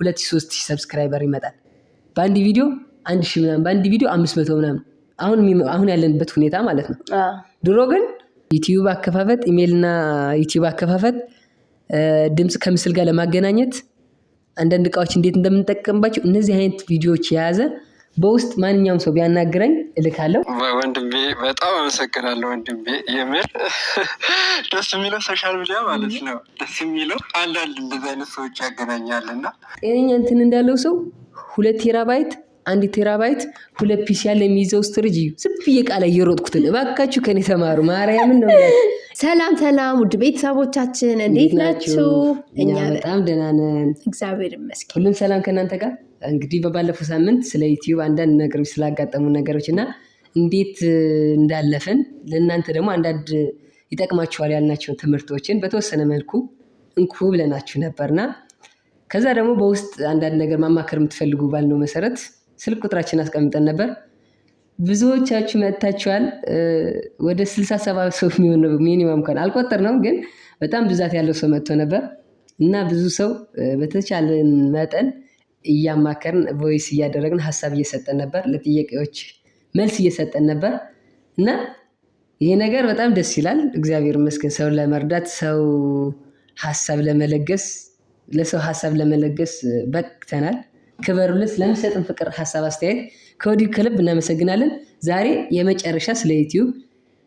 ሁለት ሶስት ሺህ ሰብስክራይበር ይመጣል። በአንድ ቪዲዮ አንድ ሺህ ምናምን፣ በአንድ ቪዲዮ አምስት መቶ ምናምን አሁን ያለንበት ሁኔታ ማለት ነው። ድሮ ግን ዩቲዩብ አከፋፈት፣ ኢሜልና ዩቲዩብ አከፋፈት፣ ድምፅ ከምስል ጋር ለማገናኘት አንዳንድ እቃዎች እንዴት እንደምንጠቀምባቸው እነዚህ አይነት ቪዲዮዎች የያዘ በውስጥ ማንኛውም ሰው ቢያናግረኝ እልካለሁ። ወንድሜ በጣም አመሰግናለሁ ወንድሜ። የምር ደስ የሚለው ሶሻል ሚዲያ ማለት ነው። ደስ የሚለው አንዳንድ እንደዚህ አይነት ሰዎች ያገናኛልና ጤነኛ እንትን እንዳለው ሰው ሁለት ቴራባይት አንድ ቴራባይት ሁለት ፒሲ ያለ የሚይዘው ስትርጅ እዩ። ዝም ብዬ ቃል እየሮጥኩትን እባካችሁ ከኔ ተማሩ። ማርያምን ነው። ሰላም ሰላም፣ ውድ ቤተሰቦቻችን እንዴት ናችሁ? እኛ በጣም ደህና ነን፣ እግዚአብሔር ይመስገን። ሁሉም ሰላም ከእናንተ ጋር። እንግዲህ በባለፈው ሳምንት ስለ ዩትዩብ አንዳንድ ነገሮች ስላጋጠሙ ነገሮች እና እንዴት እንዳለፈን ለእናንተ ደግሞ አንዳንድ ይጠቅማችኋል ያልናቸውን ትምህርቶችን በተወሰነ መልኩ እንኩ ብለናችሁ ነበርና ከዛ ደግሞ በውስጥ አንዳንድ ነገር ማማከር የምትፈልጉ ባልነው መሰረት ስልክ ቁጥራችን አስቀምጠን ነበር። ብዙዎቻችሁ መጥታችኋል። ወደ ስልሳ ሰባ ሰው የሚሆን ሚኒማም ከን አልቆጠር ነው፣ ግን በጣም ብዛት ያለው ሰው መጥቶ ነበር እና ብዙ ሰው በተቻለን መጠን እያማከርን ቮይስ እያደረግን ሀሳብ እየሰጠን ነበር፣ ለጥያቄዎች መልስ እየሰጠን ነበር እና ይሄ ነገር በጣም ደስ ይላል። እግዚአብሔር ይመስገን። ሰው ለመርዳት ሰው ሀሳብ ለመለገስ ለሰው ሀሳብ ለመለገስ በቅተናል። ክበሩለት። ስለሚሰጥን ፍቅር፣ ሀሳብ፣ አስተያየት ከወዲሁ ከልብ እናመሰግናለን። ዛሬ የመጨረሻ ስለ ዩቲዩብ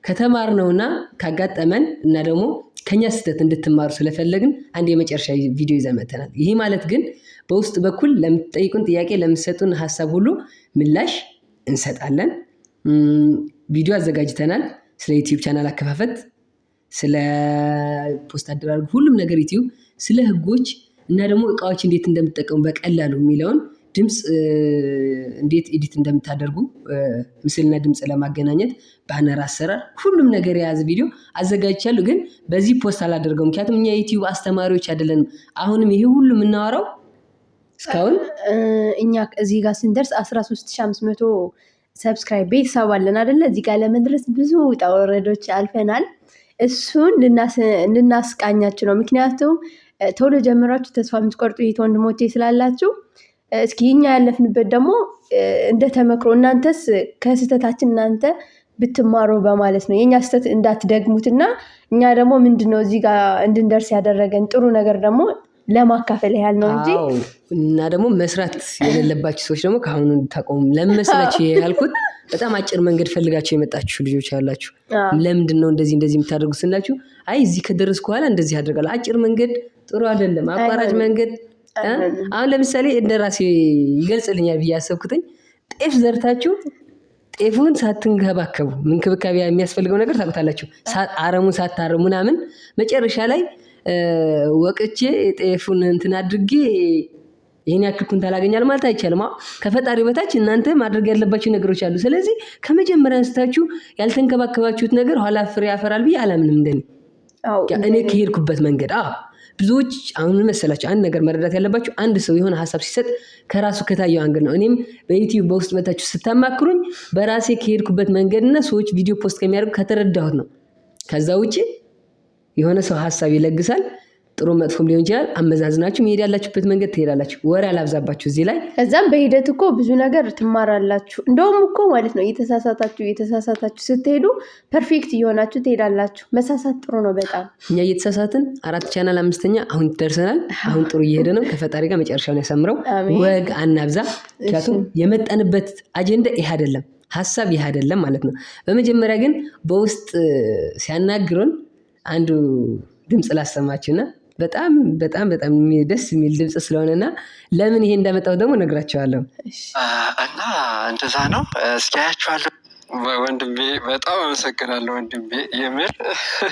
ከተማርነውና ካጋጠመን እና ደግሞ ከኛ ስህተት እንድትማሩ ስለፈለግን አንድ የመጨረሻ ቪዲዮ ይዘመተናል። ይህ ማለት ግን በውስጥ በኩል ለምትጠይቁን ጥያቄ ለምትሰጡን ሀሳብ ሁሉ ምላሽ እንሰጣለን። ቪዲዮ አዘጋጅተናል። ስለ ዩቲዩብ ቻናል አከፋፈት፣ ስለ ፖስት አደራረግ፣ ሁሉም ነገር ዩቲዩብ፣ ስለ ህጎች እና ደግሞ እቃዎች እንዴት እንደምጠቀሙ በቀላሉ የሚለውን ድምፅ እንዴት ኤዲት እንደምታደርጉ ምስልና ድምጽ ለማገናኘት ባነር አሰራር ሁሉም ነገር የያዘ ቪዲዮ አዘጋጅቻለሁ። ግን በዚህ ፖስት አላደርገው፣ ምክንያቱም እኛ ዩቲዩብ አስተማሪዎች አይደለንም። አሁንም ይሄ ሁሉ የምናወራው እስካሁን እኛ እዚህ ጋር ስንደርስ 13500 ሰብስክራይብ ቤተሰብ አለን አደለ? እዚህ ጋር ለመድረስ ብዙ ውጣ ወረዶች አልፈናል። እሱን ልናስቃኛችሁ ነው ምክንያቱም ቶሎ ጀምራችሁ ተስፋ የምትቆርጡ ይት ወንድሞቼ ስላላችሁ እስኪ እኛ ያለፍንበት ደግሞ እንደ ተመክሮ እናንተስ ከስህተታችን እናንተ ብትማሩ በማለት ነው። የእኛ ስህተት እንዳትደግሙትና እኛ ደግሞ ምንድን ነው እዚህ ጋር እንድንደርስ ያደረገን ጥሩ ነገር ደግሞ ለማካፈል ያህል ነው እንጂ እና ደግሞ መስራት የሌለባችሁ ሰዎች ደግሞ ከአሁኑ እንድታቆሙ ለመስላችሁ ያልኩት በጣም አጭር መንገድ ፈልጋችሁ የመጣችሁ ልጆች ያላችሁ ለምንድን ነው እንደዚህ እንደዚህ የምታደርጉ ስላችሁ፣ አይ እዚህ ከደረስኩ በኋላ እንደዚህ ያደርጋል አጭር መንገድ ጥሩ አይደለም። አቋራጭ መንገድ አሁን ለምሳሌ እንደ ራሴ ይገልጽልኛል ብዬ ያሰብኩትኝ ጤፍ ዘርታችሁ ጤፉን ሳትንከባከቡ እንክብካቤ የሚያስፈልገው ነገር ታውቁታላችሁ። አረሙን ሳታረሙ ምናምን መጨረሻ ላይ ወቅቼ ጤፉን እንትን አድርጌ ይህን ያክል ኩንታል አገኛለሁ ማለት አይቻልም። ከፈጣሪ በታች እናንተ ማድረግ ያለባችሁ ነገሮች አሉ። ስለዚህ ከመጀመሪያ አንስታችሁ ያልተንከባከባችሁት ነገር ኋላ ፍሬ ያፈራል ብዬ አላምንም። እንደኔ እኔ ከሄድኩበት መንገድ ብዙዎች አሁን መሰላቸው አንድ ነገር መረዳት ያለባቸው አንድ ሰው የሆነ ሀሳብ ሲሰጥ ከራሱ ከታየው አንግል ነው። እኔም በዩቲዩብ በውስጥ መታችሁ ስታማክሩኝ በራሴ ከሄድኩበት መንገድና ሰዎች ቪዲዮ ፖስት ከሚያደርጉ ከተረዳሁት ነው። ከዛ ውጭ የሆነ ሰው ሀሳብ ይለግሳል። ጥሩ መጥፎም ሊሆን ይችላል። አመዛዝናችሁ መሄድ ያላችሁበት መንገድ ትሄዳላችሁ። ወሬ አላብዛባችሁ እዚህ ላይ። ከዛም በሂደት እኮ ብዙ ነገር ትማራላችሁ። እንደውም እኮ ማለት ነው እየተሳሳታችሁ እየተሳሳታችሁ ስትሄዱ ፐርፌክት እየሆናችሁ ትሄዳላችሁ። መሳሳት ጥሩ ነው በጣም እኛ እየተሳሳትን አራት ቻናል አምስተኛ አሁን ደርሰናል። አሁን ጥሩ እየሄደ ነው። ከፈጣሪ ጋር መጨረሻውን ያሳምረው። ወግ አናብዛ። ምክንያቱም የመጣንበት አጀንዳ ይህ አይደለም፣ ሀሳብ ይህ አይደለም ማለት ነው። በመጀመሪያ ግን በውስጥ ሲያናግሩን አንዱ ድምፅ ላሰማችሁና በጣም በጣም በጣም ደስ የሚል ድምፅ ስለሆነና ለምን ይሄ እንዳመጣው ደግሞ ነግራቸዋለሁ እና እንደዛ ነው። እስኪያያቸዋለሁ ወንድሜ በጣም አመሰግናለሁ ወንድሜ። የምር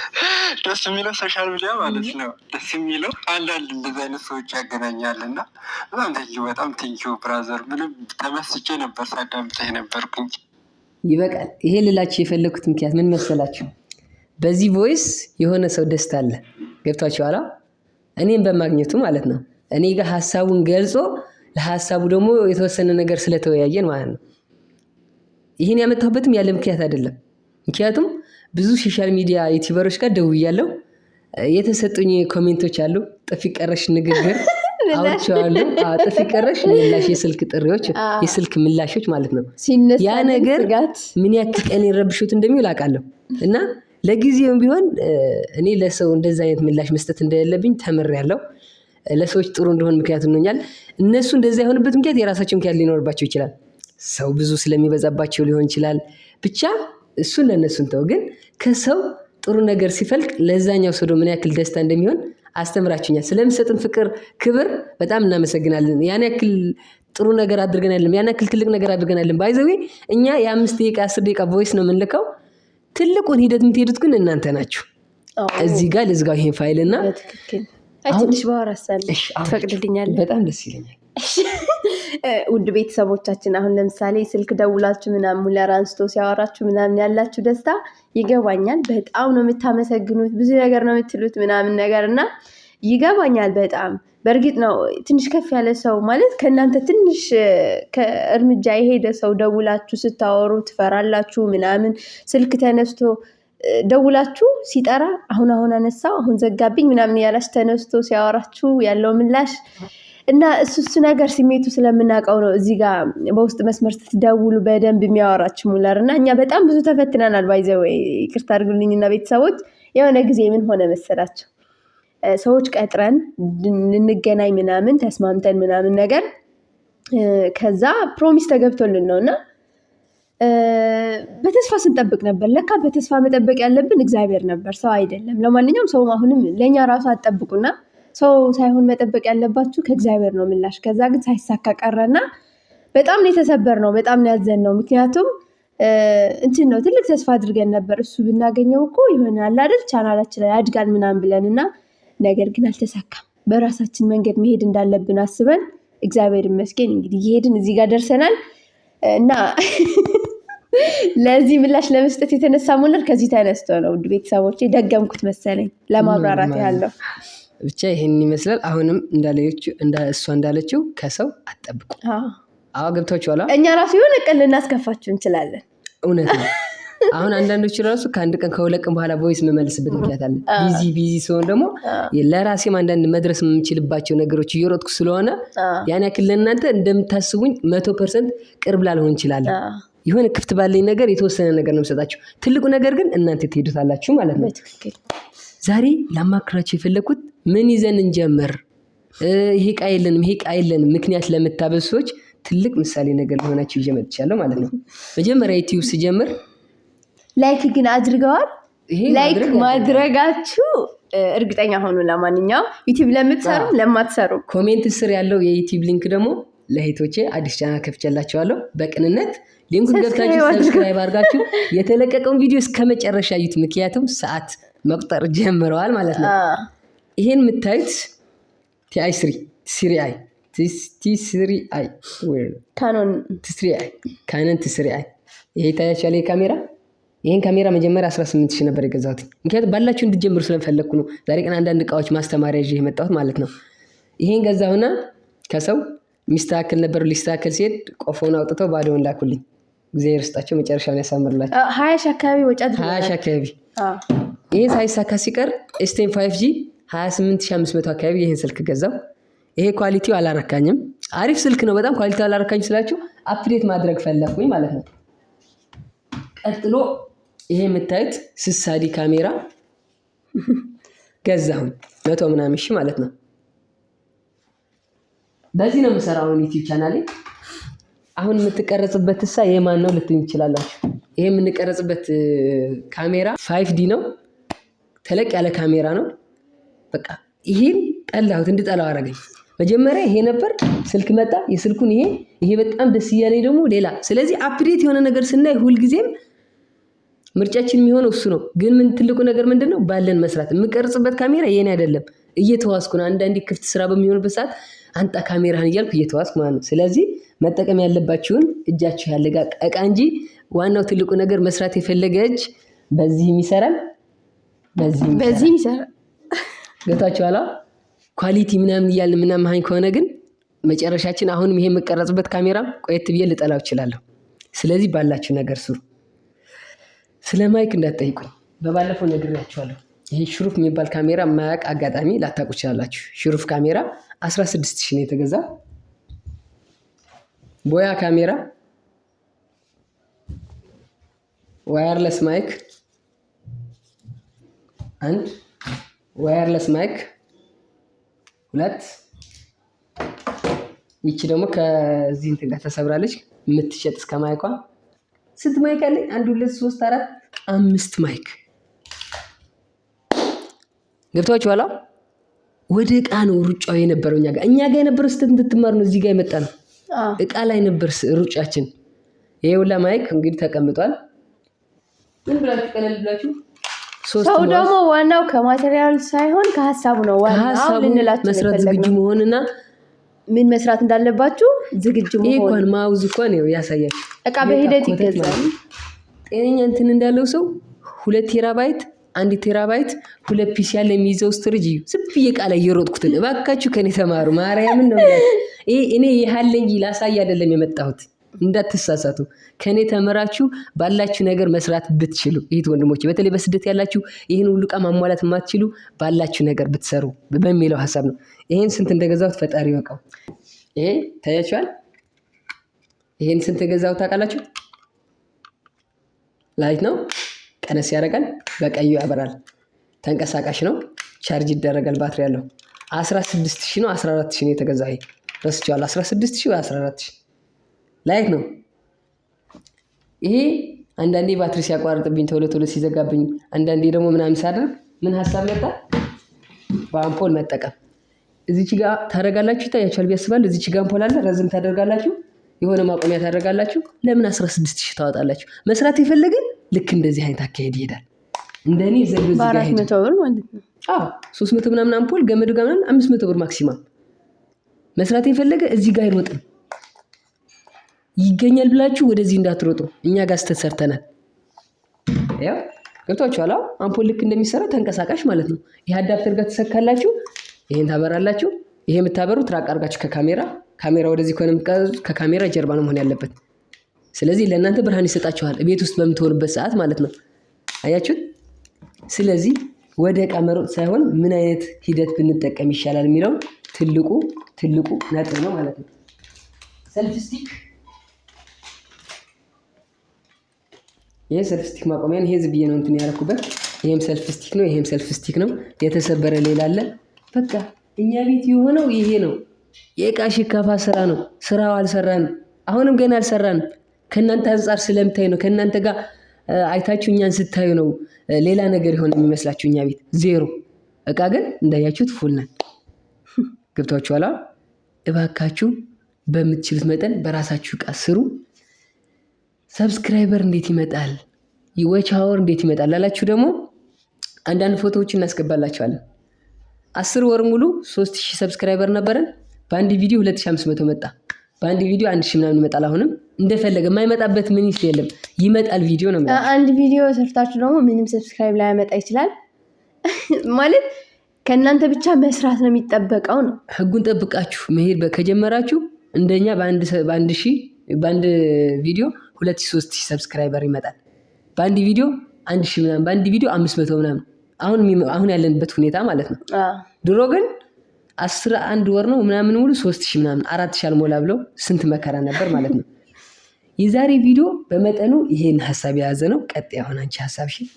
ደስ የሚለው ሶሻል ሚዲያ ማለት ነው። ደስ የሚለው አንዳንድ እንደዚህ አይነት ሰዎች ያገናኛል እና በጣም ቴንኪ በጣም ቴንኪ ብራዘር። ምንም ተመስጬ ነበር ሳዳምጠህ ነበርኩኝ። ይበቃል። ይሄ ልላችሁ የፈለግኩት ምክንያት ምን መሰላችሁ? በዚህ ቮይስ የሆነ ሰው ደስታ አለ። ገብቷችኋል? እኔም በማግኘቱ ማለት ነው። እኔ ጋር ሀሳቡን ገልጾ ለሀሳቡ ደግሞ የተወሰነ ነገር ስለተወያየን ማለት ነው። ይህን ያመጣሁበትም ያለ ምክንያት አይደለም። ምክንያቱም ብዙ ሶሻል ሚዲያ ዩቲበሮች ጋር ደውያለሁ። የተሰጡኝ ኮሜንቶች አሉ። ጥፊ ቀረሽ ንግግር አውቸዋለሁ። ጥፊ ቀረሽ ምላሽ፣ የስልክ ጥሪዎች፣ የስልክ ምላሾች ማለት ነው። ያ ነገር ምን ያክል ቀን ረብሾት እንደሚውል አውቃለሁ እና ለጊዜውም ቢሆን እኔ ለሰው እንደዚህ አይነት ምላሽ መስጠት እንደሌለብኝ ተምሬያለሁ። ለሰዎች ጥሩ እንደሆን ምክንያት ሆኖኛል። እነሱ እንደዛ የሆንበት ምክንያት የራሳቸው ምክንያት ሊኖርባቸው ይችላል። ሰው ብዙ ስለሚበዛባቸው ሊሆን ይችላል። ብቻ እሱን ለእነሱ እንተው። ግን ከሰው ጥሩ ነገር ሲፈልቅ ለዛኛው ሰው ምን ያክል ደስታ እንደሚሆን አስተምራችሁኛል። ስለምሰጥን ፍቅር፣ ክብር በጣም እናመሰግናለን። ያን ያክል ጥሩ ነገር አድርገናለን። ያን ያክል ትልቅ ነገር አድርገናለን። ባይዘዌ እኛ የአምስት ደቂቃ አስር ደቂቃ ቮይስ ነው የምንልከው ትልቁን ሂደት የምትሄዱት ግን እናንተ ናችሁ። እዚህ ጋር ልዝጋው ይሄን ፋይል እና ትንሽ ባወራሳለሽ ትፈቅድልኛለሽ? በጣም ደስ ይለኛል። ውድ ቤተሰቦቻችን አሁን ለምሳሌ ስልክ ደውላችሁ ምናምን ሙለር አንስቶ ሲያወራችሁ ምናምን ያላችሁ ደስታ ይገባኛል። በጣም ነው የምታመሰግኑት፣ ብዙ ነገር ነው የምትሉት ምናምን ነገር እና ይገባኛል በጣም በእርግጥ ነው ትንሽ ከፍ ያለ ሰው ማለት ከእናንተ ትንሽ ከእርምጃ የሄደ ሰው ደውላችሁ ስታወሩ ትፈራላችሁ ምናምን። ስልክ ተነስቶ ደውላችሁ ሲጠራ አሁን አሁን አነሳው አሁን ዘጋብኝ ምናምን ያላች ተነስቶ ሲያወራችሁ ያለው ምላሽ እና እሱ እሱ ነገር ስሜቱ ስለምናውቀው ነው። እዚህ ጋር በውስጥ መስመር ስትደውሉ በደንብ የሚያወራችሁ ሙላር እና እኛ በጣም ብዙ ተፈትናናል። ወይ ይቅርታ አድርጉልኝና ቤተሰቦች የሆነ ጊዜ ምን ሆነ መሰላቸው ሰዎች ቀጥረን ልንገናኝ ምናምን ተስማምተን ምናምን ነገር ከዛ ፕሮሚስ ተገብቶልን ነው እና በተስፋ ስንጠብቅ ነበር። ለካ በተስፋ መጠበቅ ያለብን እግዚአብሔር ነበር፣ ሰው አይደለም። ለማንኛውም ሰው አሁንም ለእኛ ራሱ አጠብቁና ሰው ሳይሆን መጠበቅ ያለባችሁ ከእግዚአብሔር ነው ምላሽ። ከዛ ግን ሳይሳካ ቀረና በጣም ነው የተሰበር ነው፣ በጣም ነው ያዘን ነው። ምክንያቱም እንትን ነው ትልቅ ተስፋ አድርገን ነበር እሱ ብናገኘው እኮ ይሆናል አይደል ቻናላችን ላይ አድጋን ምናምን ብለን እና ነገር ግን አልተሳካም። በራሳችን መንገድ መሄድ እንዳለብን አስበን እግዚአብሔር ይመስገን እንግዲህ እየሄድን እዚህ ጋር ደርሰናል እና ለዚህ ምላሽ ለመስጠት የተነሳ ሙነር ከዚህ ተነስቶ ነው። ውድ ቤተሰቦች ደገምኩት መሰለኝ ለማብራራት ያለው ብቻ ይህን ይመስላል። አሁንም እሷ እንዳለችው ከሰው አትጠብቁ። አዎ ገብታችኋል። እኛ ራሱ የሆነ ቀን ልናስከፋችሁ እንችላለን። እውነት ነው። አሁን አንዳንዶች ራሱ ከአንድ ቀን ከሁለት ቀን በኋላ ቮይስ የምመልስበት ምክንያት አለ። ቢዚ ቢዚ ሲሆን ደግሞ ለራሴም አንዳንድ መድረስ የምችልባቸው ነገሮች እየሮጥኩ ስለሆነ ያን ያክል ለእናንተ እንደምታስቡኝ መቶ ፐርሰንት ቅርብ ላልሆን እንችላለን። የሆነ ክፍት ባለኝ ነገር የተወሰነ ነገር ነው የምሰጣችሁ። ትልቁ ነገር ግን እናንተ ትሄዱታላችሁ ማለት ነው። ዛሬ ላማክራችሁ የፈለግኩት ምን ይዘን እንጀምር፣ ይሄ ዕቃ የለንም፣ ይሄ ዕቃ የለንም ምክንያት ለምታበብ ሰዎች ትልቅ ምሳሌ ነገር ሊሆናችሁ ይዤ መጥቻለሁ ማለት ነው። መጀመሪያ ዩቲዩብ ስጀምር ላይክ ግን አድርገዋል። ላይክ ማድረጋችሁ እርግጠኛ ሆኑ። ለማንኛውም ዩቲብ ለምትሰሩ ለማትሰሩ፣ ኮሜንት ስር ያለው የዩቲብ ሊንክ ደግሞ ለሄቶቼ አዲስ ቻናል ከፍቼላቸዋለሁ። በቅንነት ሊንኩን ገብታችሁ ሰብስክራይብ አድርጋችሁ የተለቀቀውን ቪዲዮ እስከ መጨረሻ እዩት። ምክንያቱም ሰዓት መቁጠር ጀምረዋል ማለት ነው። ይሄን የምታዩት ቲአይ ስሪ ስሪ አይ ቲስሪ አይ ካኖን ትስሪ አይ ካኖን ትስሪ አይ ይሄ ይታያችኋል። ካሜራ ይህን ካሜራ መጀመሪያ 18 ሺህ ነበር የገዛሁት። ምክንያቱም ባላችሁ እንድጀምሩ ስለፈለግኩ ነው። ዛሬ ቀን አንዳንድ እቃዎች ማስተማሪያ ይዤ የመጣሁት ማለት ነው። ይህን ገዛሁና ከሰው ሚስተካከል ነበር። ሊስተካከል ሲሄድ ቆፎን አውጥተው ባዶውን ላኩልኝ። እግዚአብሔር ይስጣቸው፣ መጨረሻውን ያሳምርላቸው። ሀያ ሺህ አካባቢ ወጪ ሀያ ሺህ አካባቢ ሳይሳካ ሲቀር ኤስቴን ፋይቭ ጂ 28500 አካባቢ ይህን ስልክ ገዛው። ይሄ ኳሊቲው አላረካኝም። አሪፍ ስልክ ነው። በጣም ኳሊቲው አላረካኝ ስላችሁ አፕዴት ማድረግ ፈለግኩኝ ማለት ነው። ቀጥሎ ይሄ የምታዩት ስሳዲ ካሜራ ገዛሁኝ መቶ ምናምን ማለት ነው። በዚህ ነው የምሰራው ዩቲዩብ ቻናሌ። አሁን የምትቀረጽበት እሳ የማን ነው ልትኝ ይችላላችሁ። ይሄ የምንቀረጽበት ካሜራ ፋይፍ ዲ ነው። ተለቅ ያለ ካሜራ ነው። በቃ ይሄን ጠላሁት፣ እንድጠላው አደረገኝ። መጀመሪያ ይሄ ነበር፣ ስልክ መጣ፣ የስልኩን ይሄ ይሄ በጣም ደስ እያለኝ ደግሞ ሌላ። ስለዚህ አፕዴት የሆነ ነገር ስናይ ሁልጊዜም ምርጫችን የሚሆነው እሱ ነው። ግን ምን ትልቁ ነገር ምንድን ነው? ባለን መስራት። የምቀርጽበት ካሜራ የኔ አይደለም፣ እየተዋስኩ ነው። አንዳንዴ ክፍት ስራ በሚሆንበት ሰዓት አንጣ ካሜራህን እያልኩ እየተዋስኩ ማለት ነው። ስለዚህ መጠቀም ያለባችሁን እጃችሁ ያለ እቃ እንጂ ዋናው ትልቁ ነገር መስራት የፈለገ እጅ በዚህም ይሰራል፣ በዚህም ይሰራል። ገብታችኋል? ኳሊቲ ምናምን እያልን ምናመሀኝ ከሆነ ግን መጨረሻችን አሁንም ይሄ የምቀረጽበት ካሜራም ቆየት ብዬ ልጠላው እችላለሁ። ስለዚህ ባላችሁ ነገር ስሩ። ስለ ማይክ እንዳትጠይቁኝ በባለፈው ነግሬያችኋለሁ። ይህ ሽሩፍ የሚባል ካሜራ ማያቅ አጋጣሚ ላታቁ ይችላላችሁ። ሽሩፍ ካሜራ 16 ሺህ ነው የተገዛ። ቦያ ካሜራ፣ ዋየርለስ ማይክ አንድ፣ ዋየርለስ ማይክ ሁለት። ይቺ ደግሞ ከዚህ እንትን ጋር ተሰብራለች የምትሸጥ እስከ ማይኳ ስንት ማይክ አለኝ? አንድ ሁለት ሶስት አራት አምስት ማይክ ገብታዎች ኋላ ወደ እቃ ነው ሩጫው የነበረው እኛ ጋር እኛ ጋር የነበረው ስህተት እንድትማር ነው እዚህ ጋር የመጣ ነው። እቃ ላይ ነበር ሩጫችን። ይሄ ሁላ ማይክ እንግዲህ ተቀምጧል። ምን ብላችሁ ቀለል ብላችሁ ሰው ደግሞ ዋናው ከማቴሪያል ሳይሆን ከሀሳቡ ነው ዋናው ልንላቸው መስራት ዝግጁ መሆንና ምን መስራት እንዳለባችሁ ዝግጅ ይሆን ማውዝ እኮ ነው ያሳያል። እቃ በሂደት ይገዛል። ጤነኛ እንትን እንዳለው ሰው ሁለት ቴራባይት አንድ ቴራባይት ሁለት ፒስ ያለ የሚይዘው ስትርጅ እዩ። ዝም ብዬ ቃል እየሮጥኩትን እባካችሁ ከኔ ተማሩ። ማርያምን ነው እኔ ይህለኝ ላሳይ አይደለም የመጣሁት እንዳትሳሳቱ። ከእኔ ተምራችሁ ባላችሁ ነገር መስራት ብትችሉ ይህት ወንድሞች፣ በተለይ በስደት ያላችሁ ይህን ሁሉ ዕቃ ማሟላት የማትችሉ ባላችሁ ነገር ብትሰሩ በሚለው ሀሳብ ነው። ይህን ስንት እንደገዛሁት ፈጣሪ ይወቀው። ይሄ ታያችኋል። ይህን ስንት ገዛሁት ታውቃላችሁ? ላይት ነው። ቀነስ ያደርጋል። በቀዩ ያበራል። ተንቀሳቃሽ ነው። ቻርጅ ይደረጋል። ባትሪ ያለው 16 ሺህ ነው። 14 ሺህ ነው የተገዛው። ይሄ 16 ወይ 14 ላይክ ነው። ይሄ አንዳንዴ ባትሪ ሲያቋርጥብኝ፣ ቶሎ ቶሎ ሲዘጋብኝ፣ አንዳንዴ ደግሞ ምናምን ሳደርግ ምን ሀሳብ መጣ? በአምፖል መጠቀም እዚች ጋ ታደርጋላችሁ፣ ይታያችኋል ቢያስባል እዚች ጋ አምፖል አለ፣ ረዝም ታደርጋላችሁ፣ የሆነ ማቆሚያ ታደርጋላችሁ። ለምን ስድስት ሺህ ታወጣላችሁ? መስራት የፈለገ ልክ እንደዚህ አይነት አካሄድ ይሄዳል። እንደኔ ዘዶ ሶስት መቶ ምናምን አምፖል ገመዱ ጋር ምናምን አምስት መቶ ብር ማክሲማም መስራት የፈለገ እዚህ ጋር አይሮጥም። ይገኛል ብላችሁ ወደዚህ እንዳትሮጡ። እኛ ጋር ስተት ሰርተናል። ያው አምፖል ልክ እንደሚሰራ ተንቀሳቃሽ ማለት ነው። ይህ አዳፕተር ጋር ትሰካላችሁ። ይሄን ታበራላችሁ። ይሄ የምታበሩ ትራቅ አድርጋችሁ ከካሜራ ካሜራ ወደዚህ ከሆነ ከካሜራ ጀርባ ነው መሆን ያለበት። ስለዚህ ለእናንተ ብርሃን ይሰጣችኋል፣ ቤት ውስጥ በምትሆኑበት ሰዓት ማለት ነው። አያችሁት? ስለዚህ ወደ ዕቃ መሮጥ ሳይሆን ምን አይነት ሂደት ብንጠቀም ይሻላል የሚለው ትልቁ ትልቁ ነጥብ ነው ማለት ነው። ሰልፍ ስቲክ ይሄ ሰልፍ ስቲክ ማቆሚያ ይሄ ዝብዬ ነው እንትን ያደረኩበት። ይሄም ሰልፍ ስቲክ ነው፣ ይሄም ሰልፍ ስቲክ ነው። የተሰበረ ሌላ አለ። በቃ እኛ ቤት የሆነው ይሄ ነው። የእቃ ሽካፋ ስራ ነው። ስራው አልሰራንም፣ አሁንም ገና አልሰራንም። ከእናንተ አንጻር ስለምታይ ነው። ከእናንተ ጋር አይታችሁ እኛን ስታዩ ነው ሌላ ነገር የሆነ የሚመስላችሁ። እኛ ቤት ዜሮ እቃ ግን እንዳያችሁት ፉል ነን። ገብታችኋል? እባካችሁ በምትችሉት መጠን በራሳችሁ እቃ ስሩ። ሰብስክራይበር እንዴት ይመጣል? የዋች ሀወር እንዴት ይመጣል ላላችሁ ደግሞ አንዳንድ ፎቶዎችን እናስገባላችኋለን። አስር ወር ሙሉ ሶስት ሺህ ሰብስክራይበር ነበረን። በአንድ ቪዲዮ ሁለት ሺህ አምስት መቶ መጣ። በአንድ ቪዲዮ አንድ ሺህ ምናምን ይመጣል። አሁንም እንደፈለገ የማይመጣበት ምን ይስ የለም ይመጣል። ቪዲዮ ነው አንድ ቪዲዮ ሰርታችሁ ደግሞ ምንም ሰብስክራይብ ላያመጣ ይችላል ማለት ከእናንተ ብቻ መስራት ነው የሚጠበቀው። ነው ህጉን ጠብቃችሁ መሄድ ከጀመራችሁ እንደኛ በአንድ ሺህ በአንድ ቪዲዮ ሁለት ሶስት ሺህ ሰብስክራይበር ይመጣል። በአንድ ቪዲዮ አንድ ሺህ ምናምን፣ በአንድ ቪዲዮ አምስት መቶ ምናምን አሁን ያለንበት ሁኔታ ማለት ነው። ድሮ ግን አስራ አንድ ወር ነው ምናምን ሙሉ ሶስት ሺህ ምናምን አራት ሺህ አልሞላ ብለው ስንት መከራ ነበር ማለት ነው። የዛሬ ቪዲዮ በመጠኑ ይሄን ሀሳብ የያዘ ነው። ቀጥ ያሆን አንቺ ሀሳብ ሺ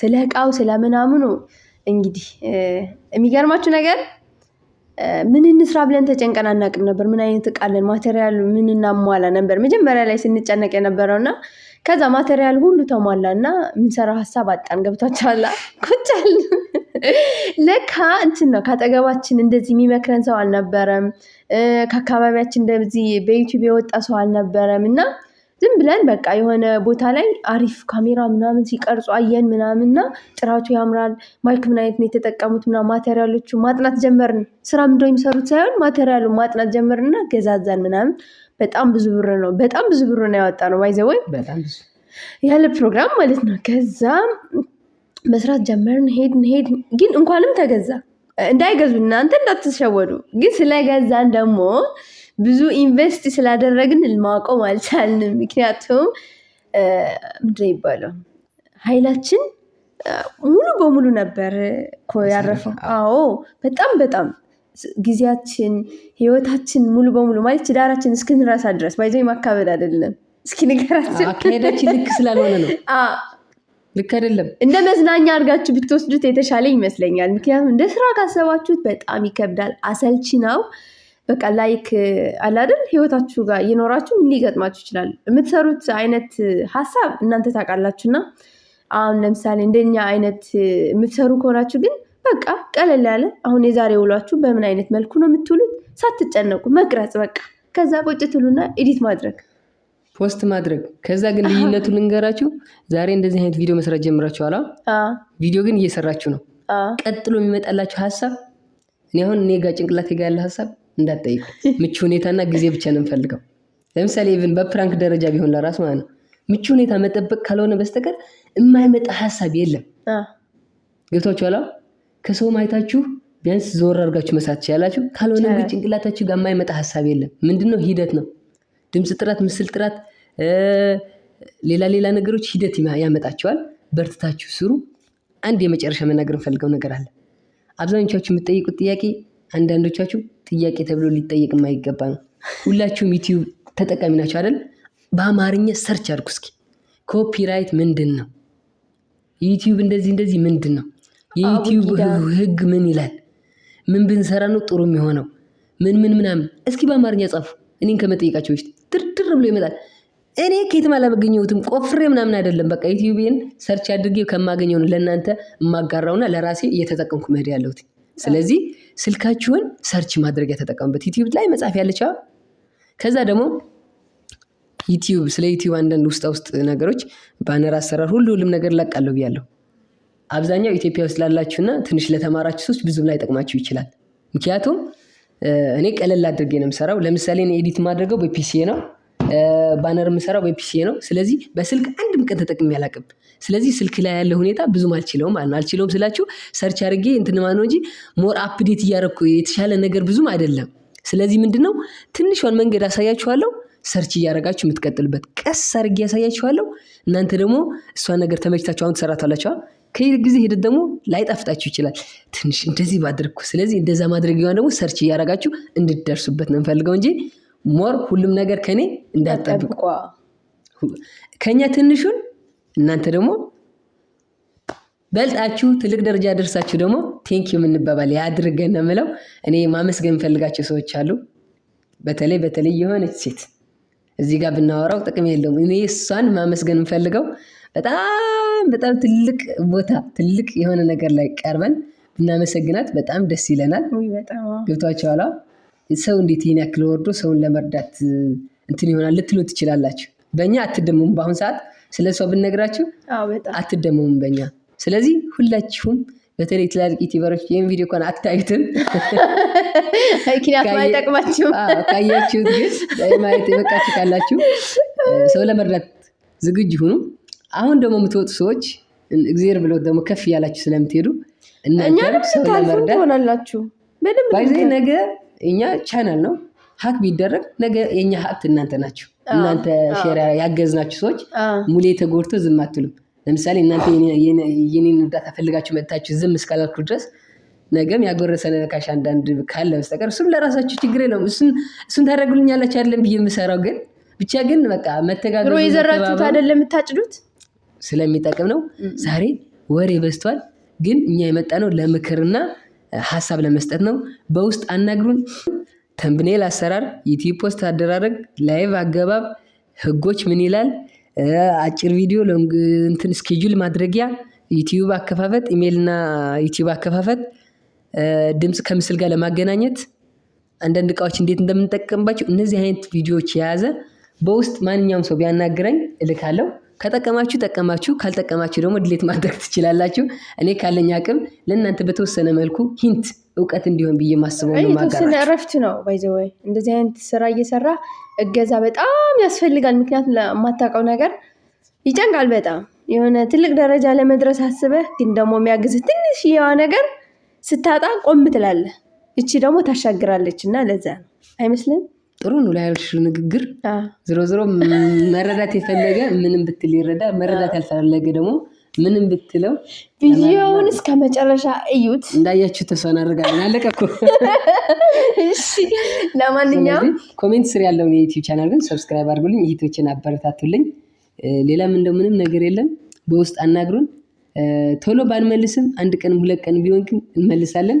ስለ እቃው ምናምኑ እንግዲህ የሚገርማችሁ ነገር ምን እንስራ ብለን ተጨንቀን አናቅም ነበር። ምን አይነት እቃለን ማቴሪያል ምን እናሟላ ነበር መጀመሪያ ላይ ስንጨነቅ የነበረውና ከዛ ማቴሪያል ሁሉ ተሟላ እና የምንሰራው ሀሳብ አጣን። ገብቷቸዋላ ቁጫል ለካ እንትን ነው። ከአጠገባችን እንደዚህ የሚመክረን ሰው አልነበረም። ከአካባቢያችን እንደዚህ በዩቲዩብ የወጣ ሰው አልነበረም እና ዝም ብለን በቃ የሆነ ቦታ ላይ አሪፍ ካሜራ ምናምን ሲቀርጹ አየን ምናምንና ጥራቱ ያምራል፣ ማይክ ምን አይነት ነው የተጠቀሙት ምና ማቴሪያሎቹ ማጥናት ጀመርን። ስራ ምንደ የሚሰሩት ሳይሆን ማቴሪያሉ ማጥናት ጀመርንና ገዛዛን ምናምን። በጣም ብዙ ብር ነው በጣም ብዙ ብር ነው ያወጣ ነው ወይ ያለ ፕሮግራም ማለት ነው። ከዛም መስራት ጀመርን። ሄድን ሄድን ግን እንኳንም ተገዛ እንዳይገዙ እናንተ እንዳትሸወዱ። ግን ስለገዛን ደግሞ ብዙ ኢንቨስት ስላደረግን ማቆም አልቻልንም። ምክንያቱም ምንድን ይባለው ኃይላችን ሙሉ በሙሉ ነበር ያረፈው። አዎ በጣም በጣም ጊዜያችን፣ ህይወታችን ሙሉ በሙሉ ማለት ዳራችን እስክንረሳ ድረስ ባይዘ ማካበድ አይደለም። እስኪ ንገራችን ልክ ስላልሆነ ነው። ልክ አይደለም። እንደ መዝናኛ አድርጋችሁ ብትወስዱት የተሻለ ይመስለኛል። ምክንያቱም እንደ ስራ ካሰባችሁት በጣም ይከብዳል፣ አሰልቺ ነው። በቃ ላይክ አላደል ህይወታችሁ ጋር እየኖራችሁ ምን ሊገጥማችሁ ይችላል? የምትሰሩት አይነት ሀሳብ እናንተ ታውቃላችሁ። እና አሁን ለምሳሌ እንደኛ አይነት የምትሰሩ ከሆናችሁ ግን በቃ ቀለል ያለ አሁን የዛሬ ውሏችሁ በምን አይነት መልኩ ነው የምትውሉት? ሳትጨነቁ መቅረጽ በቃ ከዛ ቁጭ ትሉና ኤዲት ማድረግ ፖስት ማድረግ። ከዛ ግን ልዩነቱ ልንገራችሁ። ዛሬ እንደዚህ አይነት ቪዲዮ መስራት ጀምራችኋል። ቪዲዮ ግን እየሰራችሁ ነው። ቀጥሎ የሚመጣላችሁ ሀሳብ እኔ አሁን እኔ ጋር ጭንቅላት ጋ ያለ ሀሳብ እንዳትጠይቅ። ምቹ ሁኔታና ጊዜ ብቻ ነው የምፈልገው። ለምሳሌ ኢቭን በፕራንክ ደረጃ ቢሆን ለራሱ ማለት ነው ምቹ ሁኔታ መጠበቅ ካልሆነ በስተቀር የማይመጣ ሀሳብ የለም። ገብታችሁ አላ ከሰው ማየታችሁ ቢያንስ ዞር አድርጋችሁ መሳት ትችላላችሁ። ካልሆነ ግን ጭንቅላታችሁ ጋር የማይመጣ ሀሳብ የለም። ምንድነው? ሂደት ነው። ድምፅ ጥራት፣ ምስል ጥራት፣ ሌላ ሌላ ነገሮች ሂደት ያመጣቸዋል። በርትታችሁ ስሩ። አንድ የመጨረሻ መናገር እንፈልገው ነገር አለ። አብዛኞቻችሁ የምትጠይቁት ጥያቄ አንዳንዶቻችሁ ጥያቄ ተብሎ ሊጠየቅ የማይገባ ነው። ሁላችሁም ዩቲዩብ ተጠቃሚ ናቸው አይደል? በአማርኛ ሰርች አድርጉ እስኪ ኮፒራይት ምንድን ነው? ዩቲዩብ እንደዚህ እንደዚህ ምንድን ነው? የዩቲዩብ ህግ ምን ይላል? ምን ብንሰራ ነው ጥሩ የሚሆነው? ምን ምን ምናምን እስኪ በአማርኛ ጻፉ። እኔን ከመጠየቃቸው በፊት ድርድር ብሎ ይመጣል። እኔ ከየትም አላገኘሁትም ቆፍሬ ምናምን አይደለም። በቃ ዩቲዩብን ሰርች አድርጌ ከማገኘው ነው ለእናንተ የማጋራውና ለራሴ እየተጠቀምኩ መሄድ ያለሁት። ስለዚህ ስልካችሁን ሰርች ማድረጊያ ተጠቀሙበት። ዩቲዩብ ላይ መጻፍ ያለች ከዛ ደግሞ ዩቲዩብ ስለ ዩቲዩብ አንዳንድ ውስጣ ውስጥ ነገሮች ባነር አሰራር፣ ሁሉ ሁሉም ነገር ላቃለሁ ብያለሁ። አብዛኛው ኢትዮጵያ ውስጥ ላላችሁና ትንሽ ለተማራችሁ ሰዎች ብዙም ላይ ጠቅማችሁ ይችላል። ምክንያቱም እኔ ቀለል አድርጌ ነው የምሰራው። ለምሳሌ ኤዲት ማድረገው በፒሲ ነው። ባነር የምሰራው በፒሲ ነው። ስለዚህ በስልክ አንድም ቀን ተጠቅሜ አላውቅም። ስለዚህ ስልክ ላይ ያለ ሁኔታ ብዙም አልችለውም ማለት ነው። አልችለውም ስላችሁ ሰርች አድርጌ እንትን ነው እንጂ ሞር አፕዴት እያደረኩ የተሻለ ነገር ብዙም አይደለም። ስለዚህ ምንድን ነው ትንሿን መንገድ አሳያችኋለሁ። ሰርች እያደረጋችሁ የምትቀጥልበት ቀስ አድርጌ ያሳያችኋለሁ። እናንተ ደግሞ እሷን ነገር ተመችታችሁ አሁን ትሰራታላችኋ። ጊዜ ሄደት ደግሞ ላይጠፍጣችሁ ይችላል። ትንሽ እንደዚህ ባድርግኩ። ስለዚህ እንደዛ ማድረግ ደግሞ ሰርች እያደረጋችሁ እንድደርሱበት ነው የምፈልገው እንጂ ሞር ሁሉም ነገር ከኔ እንዳትጠብቁ ከኛ ትንሹን እናንተ ደግሞ በልጣችሁ ትልቅ ደረጃ ደርሳችሁ ደግሞ ቴንክ የምንባባል ያድርገን ነው የምለው። እኔ ማመስገን የምፈልጋቸው ሰዎች አሉ። በተለይ በተለይ የሆነች ሴት እዚህ ጋር ብናወራው ጥቅም የለውም። እኔ እሷን ማመስገን የምፈልገው በጣም በጣም ትልቅ ቦታ ትልቅ የሆነ ነገር ላይ ቀርበን ብናመሰግናት በጣም ደስ ይለናል። ገብቷቸዋል። ሰው እንዴት ይህን ያክል ወርዶ ሰውን ለመርዳት እንትን ይሆናል ልትሉ ትችላላችሁ። በእኛ አትደመሙም። በአሁን ሰዓት ስለ ሰው ብንነግራችሁ አትደመሙም በእኛ። ስለዚህ ሁላችሁም በተለይ ትላልቅ ዩቲዩበሮች ይህን ቪዲዮ እንኳን አታዩትም፣ ምክንያቱም አይጠቅማችሁም። ካያችሁ ግን ማየት የበቃችሁ ካላችሁ ሰው ለመርዳት ዝግጁ ሁኑ። አሁን ደግሞ የምትወጡ ሰዎች እግዜር ብለው ደግሞ ከፍ እያላችሁ ስለምትሄዱ እናንተም ሰው ለመርዳት ሆናላችሁ። ነገ እኛ ቻናል ነው ሀክ ቢደረግ ነገ የኛ ሀብት እናንተ ናችሁ። እናንተ ሼር ያገዝናችሁ ሰዎች ሙሌ ተጎድቶ ዝም አትሉም። ለምሳሌ እናንተ የኔን እርዳታ ፈልጋችሁ መጥታችሁ ዝም እስካላልኩ ድረስ ነገም ያጎረሰ ነካሽ አንዳንድ ካለ በስተቀር እሱም ለራሳችሁ ችግር የለውም። እሱን ታደርጉልኛላችሁ አይደለም ብዬ የምሰራው ግን ብቻ ግን በቃ መተጋገሩ የዘራችሁት አይደለም የምታጭዱት ስለሚጠቅም ነው። ዛሬ ወሬ በዝቷል፣ ግን እኛ የመጣ ነው ለምክርና ሀሳብ ለመስጠት ነው። በውስጥ አናግሩን። ተምብኔል አሰራር፣ ዩቲዩብ ፖስት አደራረግ፣ ላይቭ አገባብ፣ ህጎች ምን ይላል፣ አጭር ቪዲዮ እንትን ስኬጁል ማድረጊያ፣ ዩቲዩብ አከፋፈት፣ ኢሜይልና ዩቲዩብ አከፋፈት፣ ድምፅ ከምስል ጋር ለማገናኘት አንዳንድ እቃዎች እንዴት እንደምንጠቀምባቸው እነዚህ አይነት ቪዲዮዎች የያዘ በውስጥ ማንኛውም ሰው ቢያናግረኝ እልካለሁ። ከጠቀማችሁ ጠቀማችሁ፣ ካልጠቀማችሁ ደግሞ ድሌት ማድረግ ትችላላችሁ። እኔ ካለኝ አቅም ለእናንተ በተወሰነ መልኩ ሂንት እውቀት እንዲሆን ብዬ ማስበው ነው። እረፍት ነው ባይዘወይ እንደዚህ አይነት ስራ እየሰራ እገዛ በጣም ያስፈልጋል። ምክንያቱም ለማታውቀው ነገር ይጨንቃል በጣም የሆነ ትልቅ ደረጃ ለመድረስ አስበህ ግን ደግሞ የሚያግዝህ የዋ ነገር ስታጣ ቆም ትላለህ። እቺ ደግሞ ታሻግራለች እና ለዛ ነው አይመስልም። ጥሩ ነው ላይልሽው ንግግር ዝሮ ዝሮ መረዳት የፈለገ ምንም ብትል ይረዳ፣ መረዳት ያልፈለገ ደግሞ ምንም ብትለው። ቪዲዮውን እስከ መጨረሻ እዩት። እንዳያችሁ ተስፋ እናደርጋለን። አለቀ እኮ። እሺ፣ ለማንኛውም ኮሜንት ስር ያለውን የዩቲዩብ ቻናል ግን ሰብስክራይብ አድርጉልኝ፣ እህቶችን አበረታቱልኝ። ሌላም እንደው ምንም ነገር የለም። በውስጥ አናግሩን። ቶሎ ባንመልስም አንድ ቀን ሁለት ቀን ቢሆን ግን እንመልሳለን።